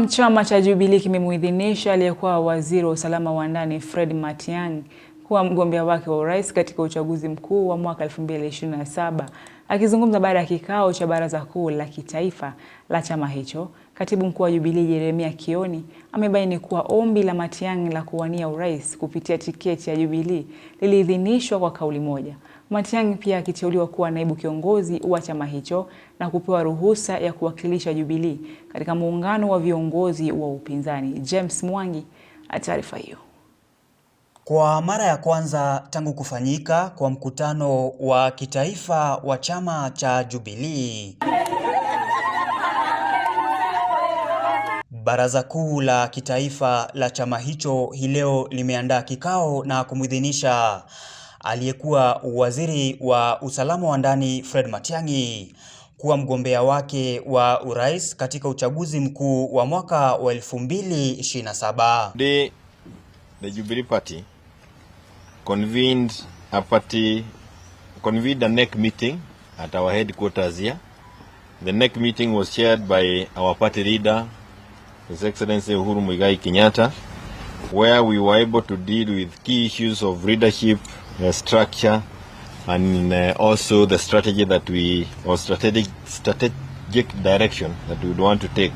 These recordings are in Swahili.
Naam, chama cha Jubilee kimemuidhinisha aliyekuwa waziri wa usalama wa ndani Fred Matiang'i kuwa mgombea wake wa urais katika uchaguzi mkuu wa mwaka 2027. Akizungumza baada ya kikao cha baraza kuu la kitaifa la chama hicho, katibu mkuu wa Jubilee Jeremiah Kioni amebaini kuwa ombi la Matiang'i la kuwania urais kupitia tiketi ya Jubilee liliidhinishwa kwa kauli moja. Matiang'i pia akiteuliwa kuwa naibu kiongozi wa chama hicho na kupewa ruhusa ya kuwakilisha Jubilee katika muungano wa viongozi wa upinzani. James Mwangi na taarifa hiyo. Kwa mara ya kwanza tangu kufanyika kwa mkutano wa kitaifa wa chama cha Jubilee, Baraza Kuu la Kitaifa la chama hicho hii leo limeandaa kikao na kumwidhinisha aliyekuwa waziri wa usalama wa ndani Fred Matiang'i kuwa mgombea wake wa urais katika uchaguzi mkuu wa mwaka wa 2027. The, the Jubilee Party convened a party convened a neck meeting at our headquarters here. The neck meeting was chaired by our party leader His Excellency Uhuru Muigai Kenyatta where we were able to deal with key issues of readership uh, structure, and uh, also the strategy that we, or strategic, strategic direction that we want to take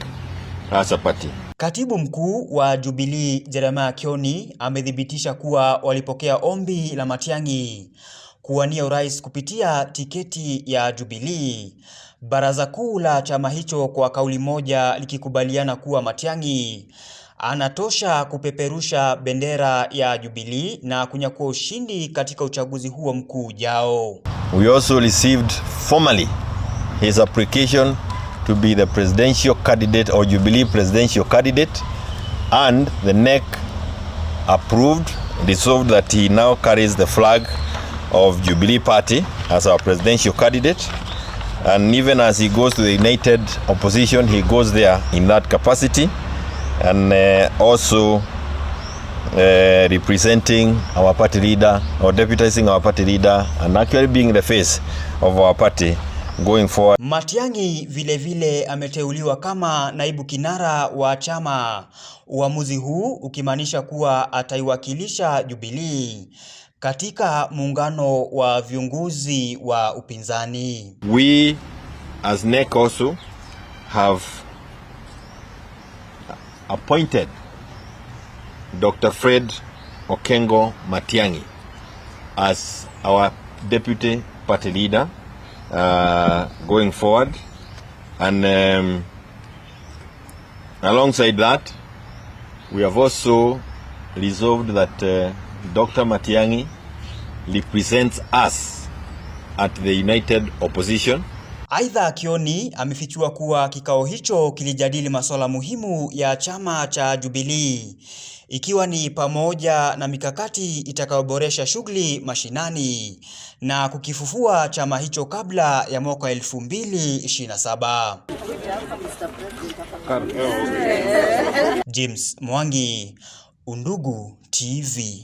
as a party. Katibu mkuu wa Jubilee Jeremiah Kioni amethibitisha kuwa walipokea ombi la Matiang'i kuwania urais kupitia tiketi ya Jubilee. Baraza kuu la chama hicho kwa kauli moja likikubaliana kuwa Matiang'i anatosha kupeperusha bendera ya Jubilee na kunyakua ushindi katika uchaguzi huo mkuu ujao. We also received formally his application to be the presidential candidate or Jubilee presidential candidate and the NEC approved resolved that he now carries the flag of Jubilee party as our presidential candidate and even as he goes to the United Opposition he goes there in that capacity and uh, also uh, representing our party leader or deputizing our party leader and actually being the face of our party going forward. Matiang'i vile vile ameteuliwa kama naibu kinara wa chama, uamuzi huu ukimaanisha kuwa ataiwakilisha Jubilee katika muungano wa viongozi wa upinzani. We as NEC also have appointed Dr. Fred Okengo Matiangi as our deputy party leader uh, going forward. And um, alongside that, we have also resolved that uh, Dr. Matiangi represents us at the United Opposition Aidha, Kioni amefichua kuwa kikao hicho kilijadili masuala muhimu ya chama cha Jubilee ikiwa ni pamoja na mikakati itakayoboresha shughuli mashinani na kukifufua chama hicho kabla ya mwaka 2027. James Mwangi, Undugu TV.